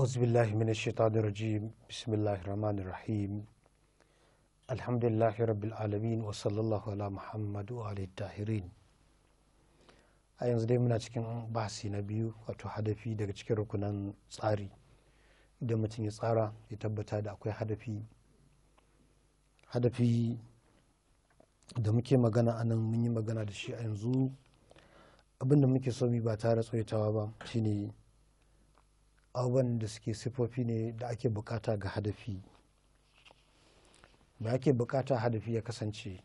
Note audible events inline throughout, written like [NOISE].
أعوذ mina من الشيطان الرجيم بسم الله الرحمن الرحيم الحمد لله رب العالمين وصلى الله على محمد a yanzu dai muna cikin bahasi na biyu wato hadafi daga cikin rukunan tsari idan mutum ya tsara ya tabbata da akwai hadafi hadafi da muke magana a nan mun yi magana da shi a yanzu abinda muke so mi ba tare tsoyatawa ba shine abubuwan da suke sifofi ne da ake bukata ga hadafi da ake bukata hadafi ya kasance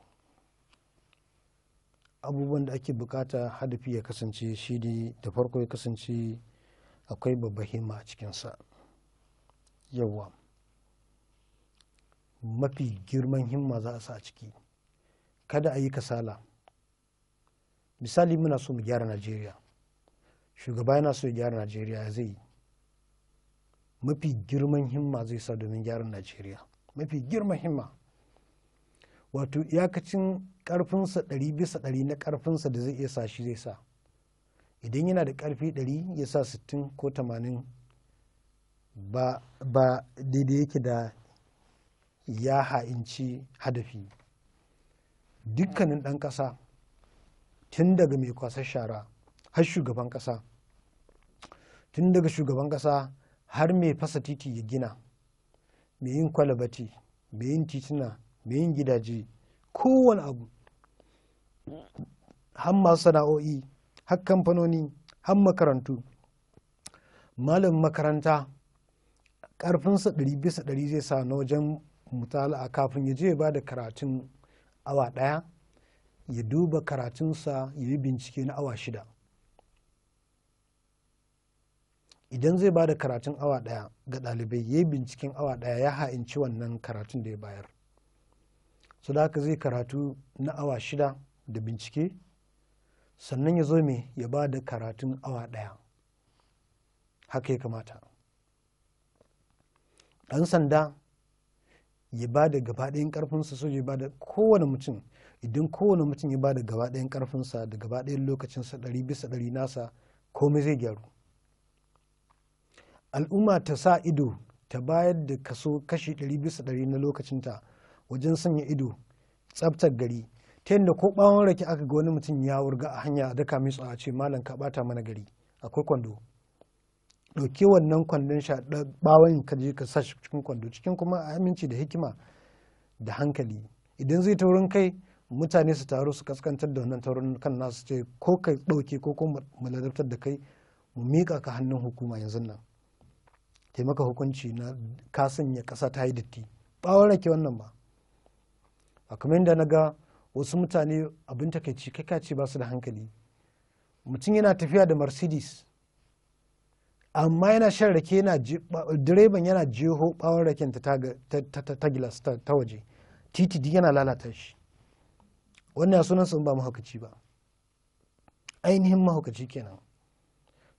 abubuwan da ake bukata hadafi ya kasance shi ne da farko ya kasance akwai babba himma a cikinsa yawa mafi girman himma za a sa a ciki kada a yi kasala misali muna so mu gyara najeriya shugaba yana so ya gyara najeriya ya zai mafi girman himma zai sa domin gyaran najeriya mafi girman himma wato iyakacin karfinsa ɗari bisa ɗari na karfinsa da zai iya sa shi zai sa idan yana da karfi ɗari ya sa sittin ko tamanin ba, daidai yake da ya ha'inci hadafi dukkanin ɗan ƙasa tun daga mai kwasar shara har shugaban ƙasa tun daga shugaban ƙasa har mai fasa titi ya gina mai yin kwalabati mai yin tituna mai yin gidaje kowane abu har masu sana'o'i har kamfanoni har makarantu malamin makaranta karfinsa ɗari bisa ɗari zai sa na wajen mutala'a kafin ya je ba da karatun awa ɗaya ya duba karatunsa ya yi bincike na awa shida idan zai bada karatun awa daya ga ɗalibai ya yi binciken awa daya ya ha'inci wannan karatun da ya bayar su da haka zai karatu na awa shida da bincike sannan ya zo mai ya ba da karatun awa daya haka ya kamata ɗan sanda ya ba da gabaɗayan ƙarfinsa soja ya ba da kowane mutum idan kowane mutum ya ba da gabaɗayan ƙarfinsa da gabaɗayan lokacinsa ɗari bisa ɗari nasa komai zai gyaru al'umma ta sa ido ta bayar da kaso kashi 100 na lokacinta wajen sanya ido tsabtar gari ta yadda ko bawon rake aka ga wani mutum ya wurga a hanya da kame a ce malam ka bata mana gari akwai kwando ɗauke wannan kwandon sha bawon ka je ka sa cikin kwando cikin kuma aminci da hikima da hankali idan zai taurin kai mutane su taru su kaskantar da wannan taurin kan nasu ce ko ka ɗauke ko kuma mu da kai mu miƙa ka hannun hukuma yanzu nan taimaka hukunci na ka sanya ƙasa ta yi datti bawon rake wannan ba a kamar yadda na ga wasu mutane abin takaici kai ce ba su da hankali mutum yana tafiya da mercedes amma yana shan rake yana direban yana jeho bawon raken ta gilas ta waje titi yana lalata shi wannan sunan sun ba mahaukaci ba ainihin mahaukaci kenan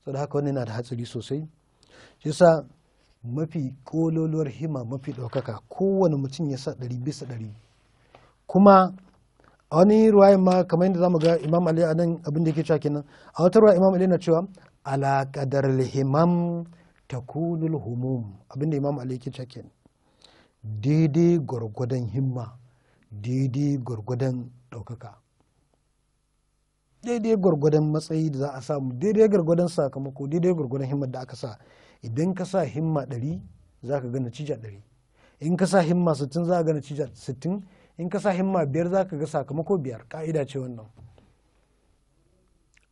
saboda haka wannan yana da hatsari sosai shi yasa mafi kololuwar hima mafi ɗaukaka kowane mutum ya sa ɗari bisa ɗari kuma a wani ruwayin ma kamar yadda zamu ga imam ali a nan abin da yake cewa kenan a wata ruwa imam ali na cewa ala qadar himam takunul humum abin da imam ali yake cewa kenan daidai gwargwadon himma daidai gwargwadon ɗaukaka daidai gwargwadon matsayi da za a samu daidai gwargwadon sakamako daidai gwargwadon himmar da aka sa idan ka sa himma 100 za ka ga cija 100 in ka sa himma 60 za ka ga cija 60 in ka sa himma 5 za ka ga sakamako 5 ka'ida ce wannan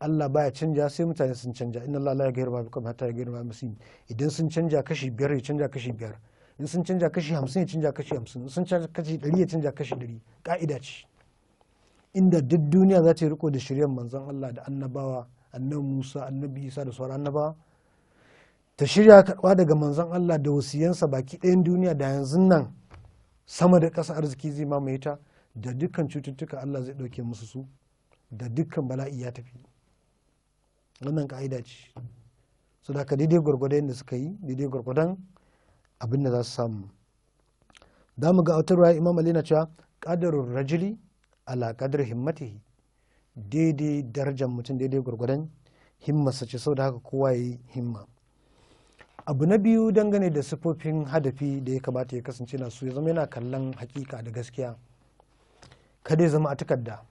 Allah baya canja sai mutane sun canja inna Allah la yaghayyiru ma bikum hatta yaghayyiru ma musin idan sun canja kashi biyar ya canja kashi biyar in sun canja kashi hamsin ya canja kashi hamsin in sun canja kashi dari ya canja kashi dari ka'ida ce inda duk duniya za ta yi riko da shirya manzon Allah da annabawa annabi Musa annabi Isa da sauran annabawa ta shirya karɓa daga manzon Allah da wasiyansa baki ɗayan duniya da yanzu nan sama da ƙasa arziki zai mamaye ta da dukkan cututtuka Allah zai ɗauke musu su da dukkan bala'i ya tafi wannan ka'ida ce su da ka daidai gwargwadon yadda suka yi daidai gwargwadon abin da za su samu za mu ga autarwa imam ali na cewa ƙadarun rajili ala kadar himmati daidai darajar mutum daidai gwargwadon himmarsa ce saboda haka kowa ya yi himma abu na biyu dangane da sifofin hadafi da ya kamata ya kasance na su ya zama yana kallon hakika da gaskiya kada ya zama a takarda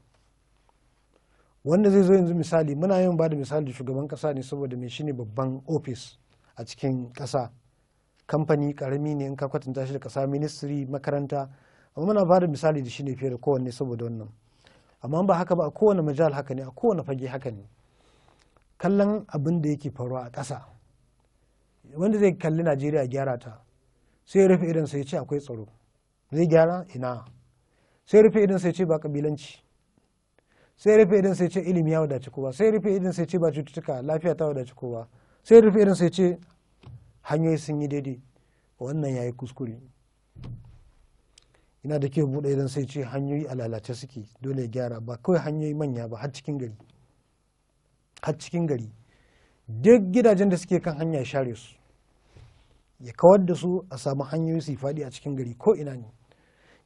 wanda zai zo yanzu misali muna yin ba da misali shugaban kasa ne saboda mai shine babban ofis a cikin kasa kamfani karami ne in ka kwatanta shi da kasa ministry makaranta amma muna bada misali da shi ne fiye da kowanne saboda wannan amma ba haka ba a kowane majal haka ne a kowane fage haka ne kallon abin da yake faruwa a ƙasa wanda zai kalli najeriya gyara ta sai ya rufe idan sai ce akwai tsaro zai gyara ina sai rufe idan sai ce ba kabilanci sai rufe idan sai ce ilimi ya wadaci kowa sai rufe idan sai ce ba cututtuka lafiya ta wadaci kowa sai rufe idan sai ce hanyoyi sun yi daidai wannan ya yi kuskure ina da kyau bude idan sai ce hanyoyi a lalace suke dole gyara ba kawai hanyoyi manya ba har cikin gari har duk gidajen da suke kan hanya share su ya kawar da su a samu hanyoyi su faɗi a cikin gari ko ina ne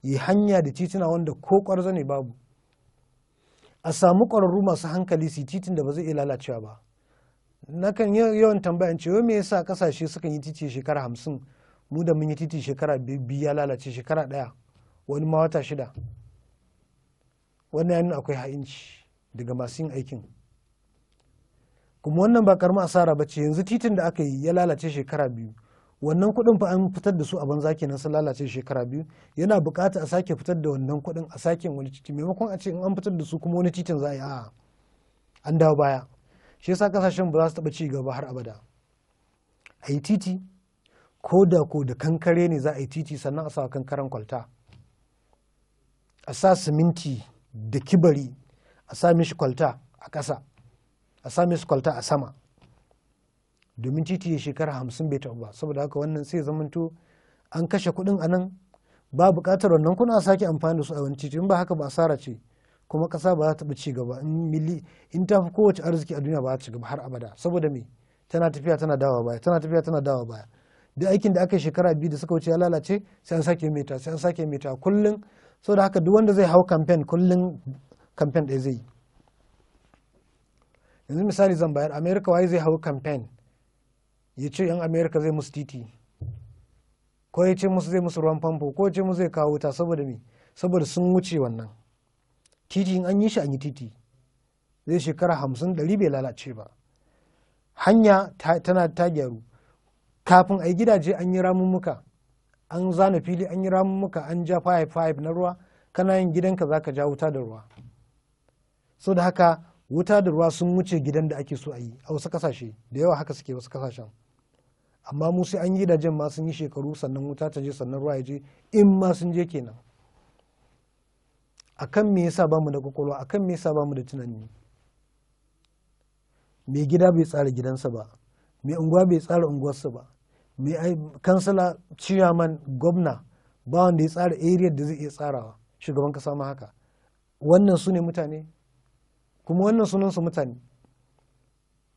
yi hanya da titina wanda ko kwarza ne babu a samu kwararru masu hankali su titin da ba zai iya lalacewa ba nakan yawan tambaya ce me yasa kasashe sukan yi titi shekara hamsin mu da mun yi titi shekara biyu ya lalace shekara ɗaya wani ma wata shida wannan ya akwai ha'inci daga masu yin aikin kuma wannan ba karamin asara ba ce yanzu titin da aka yi ya lalace shekara biyu wannan kuɗin fa an fitar da su a banza kenan sun lalace shekara biyu yana buƙatar a sake fitar da wannan kuɗin a sake wani titi maimakon a ce in an fitar da su kuma wani titin za a yi a an dawo baya shi yasa kasashen ba za su taɓa ci gaba har abada a yi titi ko da ko da kankare ne za a yi titi sannan a sa kankaren kwalta a sa siminti da kibari a sa mishi kwalta a ƙasa a sa mishi kwalta a sama domin titi ya shekara hamsin bai taɓa ba saboda haka wannan sai zamanto an kashe kuɗin a nan ba buƙatar wannan kuna sake amfani da su a wani titi in ba haka ba asara ce kuma ƙasa ba za ta ci gaba in ta fi kowace arziki a duniya ba za ta ci gaba har abada saboda me tana tafiya tana dawa baya tana tafiya tana dawa baya duk aikin da aka shekara biyu da suka wuce ya lalace sai an sake meta sai an sake meta kullum so da haka duk wanda zai hau kamfen kullum kamfen ɗaya zai yi yanzu misali zan bayar amerika waye zai hau kamfen ya ce yan amerika zai musu titi ko ya ce musu zai musu ruwan famfo ko ya ce musu zai kawo wuta saboda me saboda sun wuce wannan titi in an yi shi an yi titi zai shekara hamsin ɗari bai lalace ba hanya tana ta gyaru kafin a yi gidaje an yi ramummuka an zana fili an yi ramuka an ja five five na ruwa kana yin gidanka za ka ja wuta da ruwa so da haka wuta da ruwa sun wuce gidan da ake so a yi a wasu kasashe da yawa haka suke wasu kasashen amma mu sai an yi gidajen ma sun yi shekaru sannan wuta ta je sannan ruwa ya je in ma sun je kenan akan me yasa bamu da kwakwalwa akan me yasa bamu da tunani mai gida bai tsara gidansa ba mai unguwa bai tsara unguwarsa ba ai kansila ciyaman gwamna ba wanda ya tsara area da zai iya tsarawa shugaban kasa ma haka wannan su ne mutane kuma wannan sunan su mutane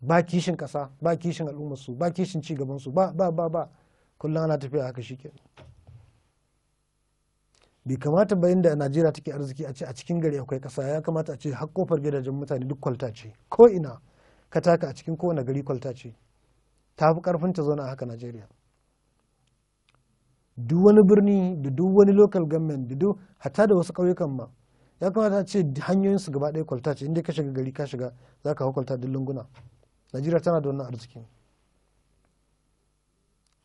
ba kishin kasa ba kishin al'ummar su ba kishin gaban su ba ba ba ba kullum ana tafiya haka ke. bai kamata ba inda Najeriya take arziki a ce a cikin gari akwai kasa ya kamata a ce har kofar gidajen mutane duk kwalta ce ko ina ka taka a cikin kowane gari kwalta ce ta fi karfin ta zauna haka Najeriya duk wani birni da duk wani local government da duk hatta da wasu ƙauyukan ma ya kamata a ce hanyoyin su gaba ɗaya kwalta ce inda ka shiga gari ka shiga za ka kwalta duk lunguna Najeriya tana da wannan arzikin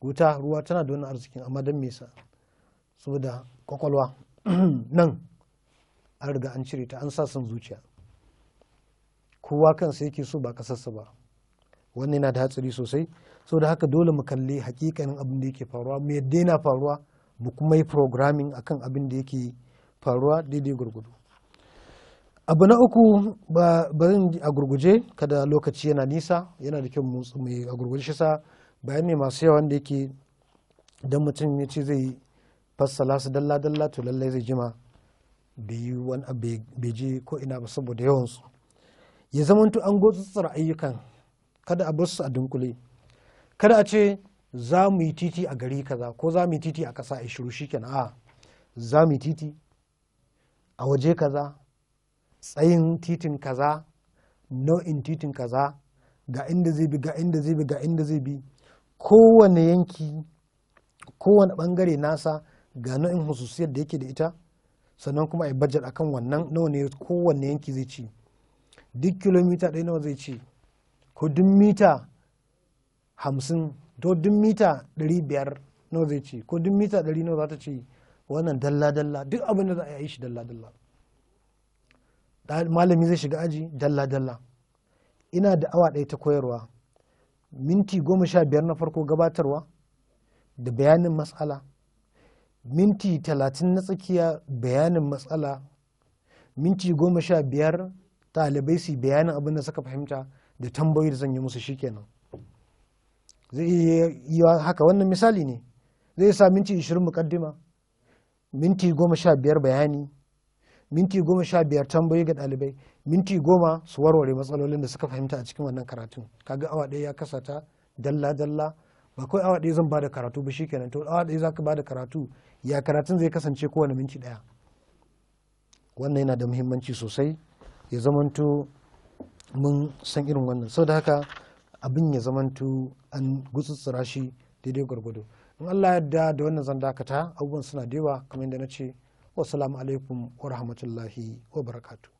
wuta ruwa tana da wannan arzikin amma don me yasa saboda kwakwalwa [CLEARS THROAT] nan an riga an cire ta an sa son zuciya kowa kansa yake so ba kasarsa ba wannan yana da hatsari sosai sau da haka dole mu kalli hakikanin abin da yake faruwa mu yadda yana faruwa mu kuma yi programming akan abin da yake faruwa daidai gurgudu abu na uku ba zan a gurguje kada lokaci yana nisa yana da kyau mai a gurguje shi sa bayan ne masu yawa wanda yake don mutum ya ce zai fassala su dalla dalla to lallai zai jima bai wani abu bai je ko ina ba saboda yawansu ya zamanto an gotsatsar ayyukan kada a bar su a dunkule kada a ce za mu yi titi a gari kaza ko za mu yi titi a ƙasa a shiru shikenan a za mu yi titi a waje kaza tsayin titin kaza nau'in titin kaza ga inda zai bi ga inda zai bi ga inda zai bi kowane yanki kowane bangare nasa ga nau'in hususiyar da yake da ita sannan kuma a yi budget akan wannan nawa ne kowanne yanki zai ci duk kilomita ɗaya nawa zai ci ko duk mita hamsin to duk mita ɗari biyar nawa zai ce ko duk mita ɗari nawa za ta ce wannan dalla-dalla duk abin da za a yi shi dalla-dalla malami zai shiga aji dalla-dalla ina da awa ɗaya ta koyarwa minti goma sha biyar na farko gabatarwa da bayanin matsala minti talatin na tsakiya bayanin matsala minti goma sha biyar ɗalibai su bayanin abin da suka fahimta da tambayoyi da zan yi musu shikenan zai yi haka wannan misali ne zai sa minti 20 mukaddima minti 15 bayani minti 15 tambayoyi ga ɗalibai minti 10 su warware matsalolin da suka fahimta a cikin wannan karatun kaga awa ɗaya ya kasata dalla dalla ba kawai awa ɗaya zan bada karatu ba shikenan to awa ɗaya zaka bada karatu ya karatun zai kasance kowane minti ɗaya wannan yana da muhimmanci sosai ya zamanto mun san irin wannan sau da haka abin ya zamantu an gutsutsura shi daidai gwargwado in allah yadda da wannan zan dakata abubuwan suna da kamar yadda na ce wasu alaikum wa rahmatullahi wa barakatu.